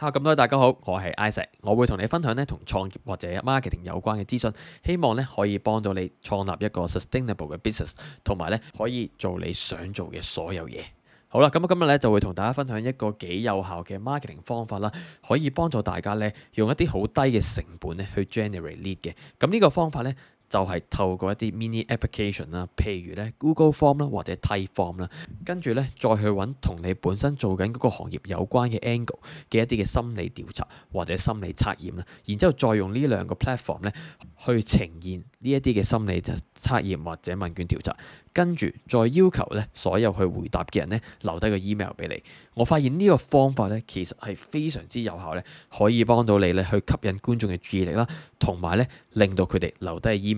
好，咁多位大家好，我係 Isaac，我會同你分享呢同創業或者 marketing 有關嘅資訊，希望呢可以幫到你創立一個 sustainable 嘅 business，同埋呢可以做你想做嘅所有嘢。好啦，咁今日呢就會同大家分享一個幾有效嘅 marketing 方法啦，可以幫助大家呢用一啲好低嘅成本呢去 generate lead 嘅。咁呢個方法呢。就係透過一啲 mini application 啦，譬如咧 Google Form 啦或者 Type Form 啦，跟住咧再去揾同你本身做緊嗰個行業有關嘅 angle 嘅一啲嘅心理調查或者心理測驗啦，然之後再用呢兩個 platform 咧去呈現呢一啲嘅心理測驗或者問卷調查，跟住再要求咧所有去回答嘅人咧留低個 email 俾你。我發現呢個方法咧其實係非常之有效咧，可以幫到你咧去吸引觀眾嘅注意力啦，同埋咧令到佢哋留低個 email。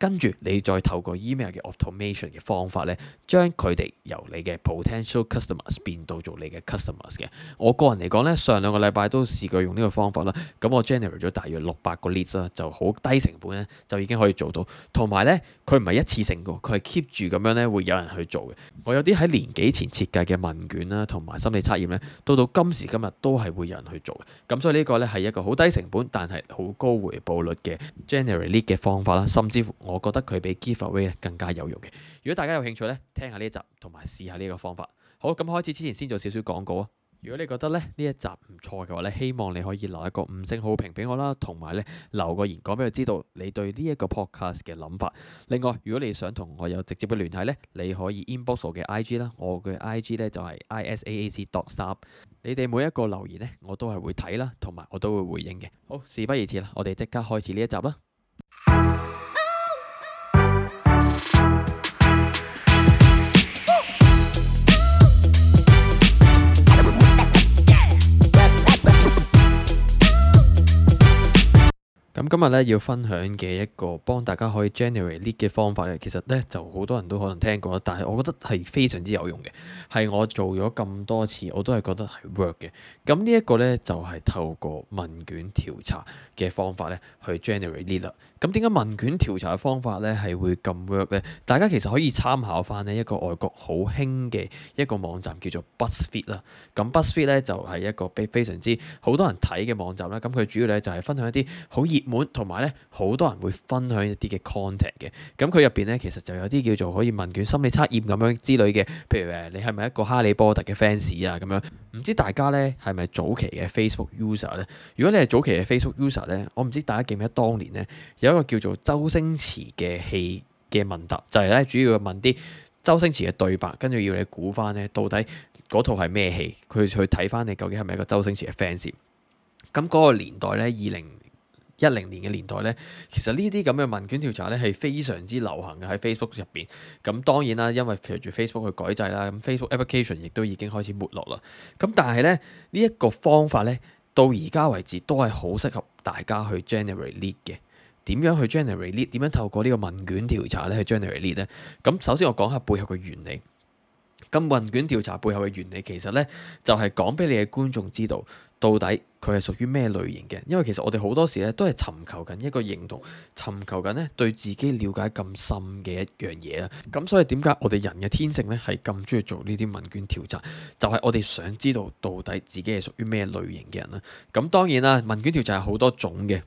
跟住你再透過 email 嘅 automation 嘅方法咧，將佢哋由你嘅 potential customers 變到做你嘅 customers 嘅。我個人嚟講咧，上兩個禮拜都試過用呢個方法啦。咁我 generate 咗大約六百個 leads 啦，就好低成本咧，就已經可以做到。同埋咧，佢唔係一次性嘅，佢係 keep 住咁樣咧，會有人去做嘅。我有啲喺年幾前設計嘅問卷啦，同埋心理測驗咧，到到今時今日都係會有人去做嘅。咁所以呢個咧係一個好低成本，但係好高回報率嘅 generate lead 嘅方法啦，甚至乎。我覺得佢比 giveaway 更加有用嘅。如果大家有興趣咧，聽下呢一集，同埋試下呢個方法。好，咁開始之前先做少少廣告啊。如果你覺得咧呢一集唔錯嘅話咧，希望你可以留一個五星好評俾我啦，同埋咧留個言講俾佢知道你對呢一個 podcast 嘅諗法。另外，如果你想同我有直接嘅聯繫咧，你可以 inbox 我嘅 IG 啦，我嘅 IG 咧就係 isaac dot stop。你哋每一個留言咧，我都係會睇啦，同埋我都會回應嘅。好，事不宜遲啦，我哋即刻開始呢一集啦。今日咧要分享嘅一個幫大家可以 generate lead 嘅方法咧，其實咧就好多人都可能聽過啦，但係我覺得係非常之有用嘅，係我做咗咁多次，我都係覺得係 work 嘅。咁呢一個咧就係、是、透過問卷調查嘅方法咧去 generate lead 啦。咁點解問卷調查嘅方法咧係會咁 work 咧？大家其實可以參考翻咧一個外國好興嘅一個網站叫做 Buzzfeed 啦。咁 Buzzfeed 咧就係、是、一個非非常之好多人睇嘅網站啦。咁佢主要咧就係、是、分享一啲好熱門同埋咧好多人會分享一啲嘅 content 嘅。咁佢入邊咧其實就有啲叫做可以問卷心理測驗咁樣之類嘅，譬如誒、啊、你係咪一個哈利波特嘅 fans 啊咁樣。唔知大家呢係咪早期嘅 Facebook user 呢？如果你係早期嘅 Facebook user 呢，我唔知大家記唔記得當年呢，有一個叫做周星馳嘅戲嘅問答，就係呢主要問啲周星馳嘅對白，跟住要你估翻呢到底嗰套係咩戲，佢去睇翻你究竟係咪一個周星馳嘅 fans。咁嗰個年代呢，二零。一零年嘅年代呢，其實呢啲咁嘅問卷調查呢係非常之流行嘅喺 Facebook 入邊。咁當然啦，因為隨住 Facebook 去改制啦，咁 Facebook application 亦都已經開始沒落啦。咁但係呢，呢、這、一個方法呢，到而家為止都係好適合大家去 generate lead 嘅。點樣去 generate lead？點樣透過呢個問卷調查呢去 generate lead 呢？咁首先我講下背後嘅原理。咁問卷調查背後嘅原理其實呢，就係講俾你嘅觀眾知道，到底佢係屬於咩類型嘅。因為其實我哋好多時呢，都係尋求緊一個認同，尋求緊呢對自己了解咁深嘅一樣嘢啦。咁所以點解我哋人嘅天性呢，係咁中意做呢啲問卷調查？就係我哋想知道到底自己係屬於咩類型嘅人啦。咁當然啦，問卷調查係好多種嘅。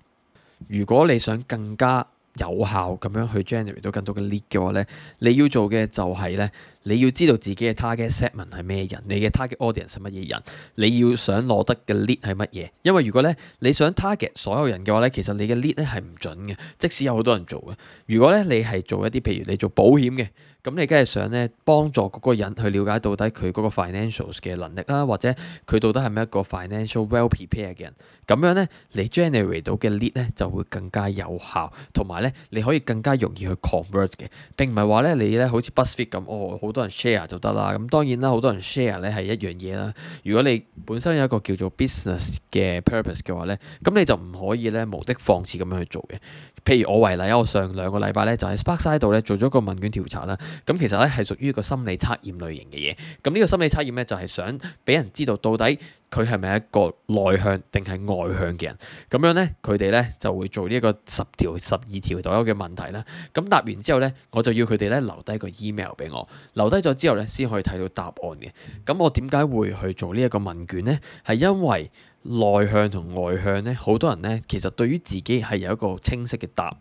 如果你想更加有效咁樣去 generate 到更多嘅 lead 嘅話呢，你要做嘅就係呢。你要知道自己嘅 target segment 係咩人，你嘅 target audience 係乜嘢人，你要想攞得嘅 lead 係乜嘢。因為如果咧你想 target 所有人嘅話咧，其實你嘅 lead 咧係唔準嘅，即使有好多人做嘅。如果咧你係做一啲譬如你做保險嘅，咁你梗係想咧幫助嗰個人去了解到底佢嗰個 financials 嘅能力啦，或者佢到底係咪一個 financial well prepared 嘅人，咁樣咧你 generate 到嘅 lead 咧就會更加有效，同埋咧你可以更加容易去 convert 嘅。並唔係話咧你咧好似 BuzzFeed 咁，哦，好。多人 share 就得啦，咁當然啦，好多人 share 咧係一樣嘢啦。如果你本身有一個叫做 business 嘅 purpose 嘅話咧，咁你就唔可以咧無的放矢咁樣去做嘅。譬如我為例啊，我上兩個禮拜咧就喺 Spark Side 度咧做咗個問卷調查啦。咁其實咧係屬於一個心理測驗類型嘅嘢。咁呢個心理測驗咧就係想俾人知道到底，佢係咪一個內向定係外向嘅人？咁樣呢，佢哋呢就會做呢一個十條、十二條左右嘅問題啦。咁答完之後呢，我就要佢哋呢留低個 email 俾我，留低咗之後呢，先可以睇到答案嘅。咁我點解會去做呢一個問卷呢？係因為。內向同外向咧，好多人咧，其實對於自己係有一個清晰嘅答案，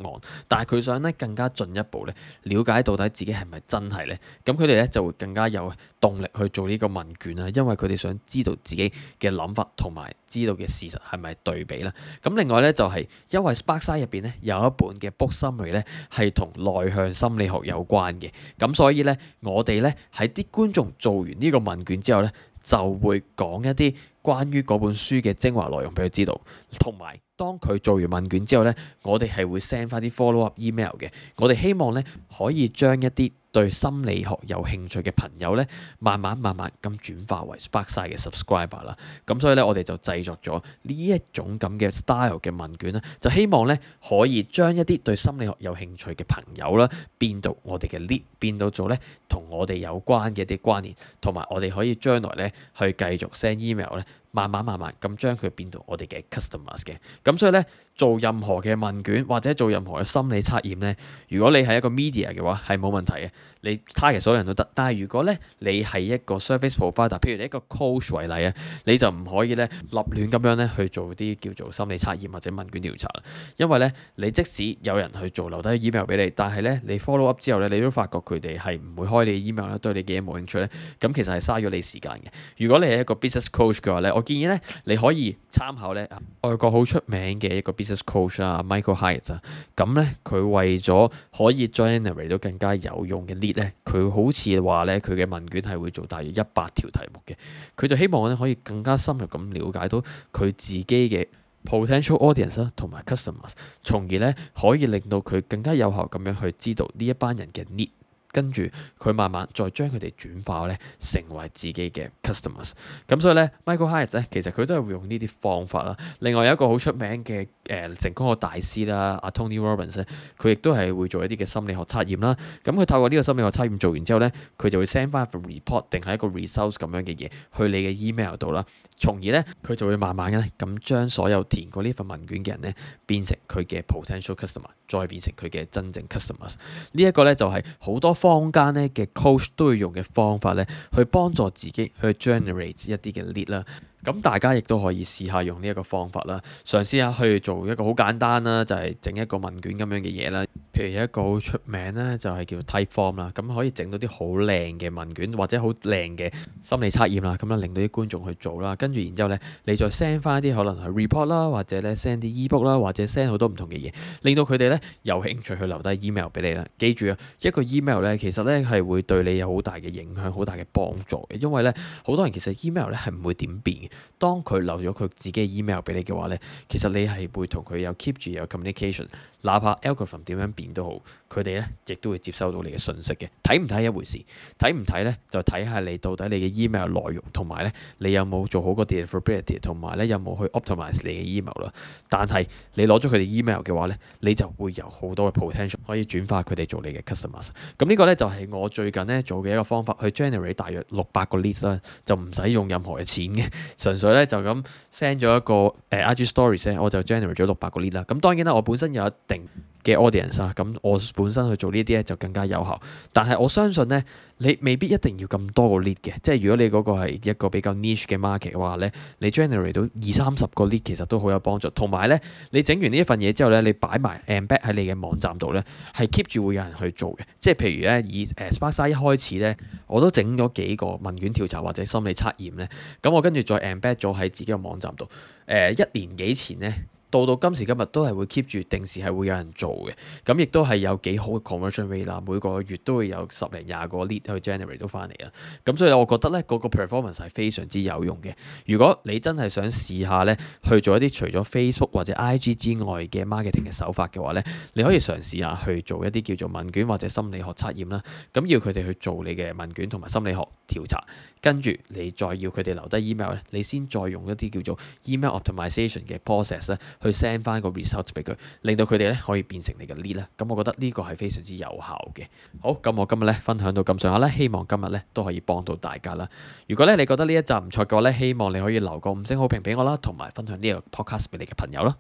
但係佢想咧更加進一步咧，了解到底自己係咪真係咧，咁佢哋咧就會更加有動力去做呢個問卷啊，因為佢哋想知道自己嘅諗法同埋知道嘅事實係咪對比啦。咁另外咧就係、是、因為 Sparks 入邊咧有一本嘅 book summary 咧係同內向心理學有關嘅，咁所以咧我哋咧喺啲觀眾做完呢個問卷之後咧就會講一啲。關於嗰本書嘅精華內容畀佢知道，同埋。當佢做完問卷之後呢，我哋係會 send 翻啲 follow-up email 嘅。我哋希望呢，可以將一啲對心理學有興趣嘅朋友呢，慢慢慢慢咁轉化為 Sparkside 嘅 subscriber 啦。咁所以呢，我哋就製作咗呢一種咁嘅 style 嘅問卷啦，就希望呢，可以將一啲對心理學有興趣嘅朋友啦，變到我哋嘅 lead，變到做呢，同我哋有關嘅一啲關聯，同埋我哋可以將來呢，去繼續 send email 呢。慢慢慢慢咁將佢變到我哋嘅 customers 嘅，咁所以呢。做任何嘅問卷或者做任何嘅心理測驗呢，如果你係一個 media 嘅話，係冇問題嘅。你 target 所有人都得，但係如果呢，你係一個 service provider，譬如你一個 coach 為例啊，你就唔可以呢立亂咁樣呢去做啲叫做心理測驗或者問卷調查，因為呢，你即使有人去做留低 email 俾你，但係呢，你 follow up 之後呢，你都發覺佢哋係唔會開你 email 啦，對你嘅嘢冇興趣呢，咁其實係嘥咗你時間嘅。如果你係一個 business coach 嘅話呢，我建議呢，你可以參考呢外國好出名嘅一個 business Coach 啊，Michael Hyatt 啊，咁咧佢為咗可以 generate 到更加有用嘅 lead 咧，佢好似話呢，佢嘅問卷係會做大約一百條題目嘅，佢就希望呢，可以更加深入咁了解到佢自己嘅 potential audience 啦，同埋 customers，從而呢，可以令到佢更加有效咁樣去知道呢一班人嘅 lead。跟住佢慢慢再將佢哋轉化咧成為自己嘅 customers。咁所以咧，Michael Hyatt 咧，其實佢都係會用呢啲方法啦。另外有一個好出名嘅誒、呃、成功學大師啦，阿 Tony Robbins 佢亦都係會做一啲嘅心理學測驗啦。咁佢透過呢個心理學測驗做完之後咧，佢就會 send 翻一份 report 定係一個 resource 咁樣嘅嘢去你嘅 email 度啦。從而咧，佢就會慢慢咧咁將所有填過份文呢份問卷嘅人咧，變成佢嘅 potential customer，再變成佢嘅真正 customers。這個、呢一個咧就係、是、好多坊間咧嘅 coach 都會用嘅方法咧，去幫助自己去 generate 一啲嘅 lead 啦。咁大家亦都可以試下用呢一個方法啦，嘗試下去做一個好簡單啦，就係、係、整一個問卷咁樣嘅嘢啦。譬如有一個好出名咧，就係、係、叫 Type Form 啦，咁可以整到啲好靚嘅問卷或者好靚嘅心理測驗啦，咁樣令到啲觀眾去做啦。跟住然之後咧，你再 send 翻啲可能係 report 啦，或者咧 send 啲 ebook 啦，e、book，或者 send 好多唔同嘅嘢，令到佢哋咧有興趣去留低 email 俾你啦。記住啊，一個 email 咧，其實咧係會對你有好大嘅影響、好大嘅幫助嘅，因為咧好多人其實 email 咧係唔會點變嘅。當佢留咗佢自己嘅 email 俾你嘅話呢，其實你係會同佢有 keep 住有 communication，哪怕 algorithm 點樣變都好，佢哋呢亦都會接收到你嘅信息嘅。睇唔睇一回事，睇唔睇呢就睇下你到底你嘅 email 內容同埋呢你有冇做好個 deliverability 同埋呢有冇去 optimize 你嘅 email 啦。但係你攞咗佢哋 email 嘅話呢，你就會有好多嘅 potential 可以轉化佢哋做你嘅 customers。咁呢個呢就係、是、我最近呢做嘅一個方法去 generate 大約六百個 list 啦，就唔使用，用任何嘅錢嘅。純粹咧就咁 send 咗一個誒 IG story，我就 generate 咗六百個 lead 啦。咁當然啦，我本身有一定。嘅 audience 啊，咁我本身去做呢啲呢就更加有效。但係我相信呢，你未必一定要咁多個 lead 嘅。即係如果你嗰個係一個比較 niche 嘅 market 嘅話呢，你 generate 到二三十個 lead 其實都好有幫助。同埋呢，你整完呢一份嘢之後呢，你擺埋 embed 喺你嘅網站度呢，係 keep 住會有人去做嘅。即係譬如呢，以誒 Sparksa 一開始呢，我都整咗幾個問卷調查或者心理測驗呢，咁我跟住再 embed 咗喺自己嘅網站度。誒、呃、一年幾前呢。到到今時今日都係會 keep 住定時係會有人做嘅，咁亦都係有幾好嘅 conversion rate 啦。每個月都會有十零廿個 lead 去 generate 都翻嚟啦。咁所以我覺得呢個 performance 係非常之有用嘅。如果你真係想試下呢去做一啲除咗 Facebook 或者 IG 之外嘅 marketing 嘅手法嘅話呢，你可以嘗試下去做一啲叫做問卷或者心理學測驗啦。咁要佢哋去做你嘅問卷同埋心理學調查，跟住你再要佢哋留低 email 呢，你先再用一啲叫做 email optimization 嘅 process 咧。去 send 翻個 results 俾佢，令到佢哋咧可以變成你嘅 lead 啦。咁我覺得呢個係非常之有效嘅。好，咁我今日咧分享到咁上下咧，希望今日咧都可以幫到大家啦。如果咧你覺得呢一集唔錯嘅話咧，希望你可以留個五星好評俾我啦，同埋分享呢個 podcast 俾你嘅朋友啦。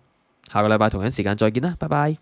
下個禮拜同樣時間再見啦，拜拜。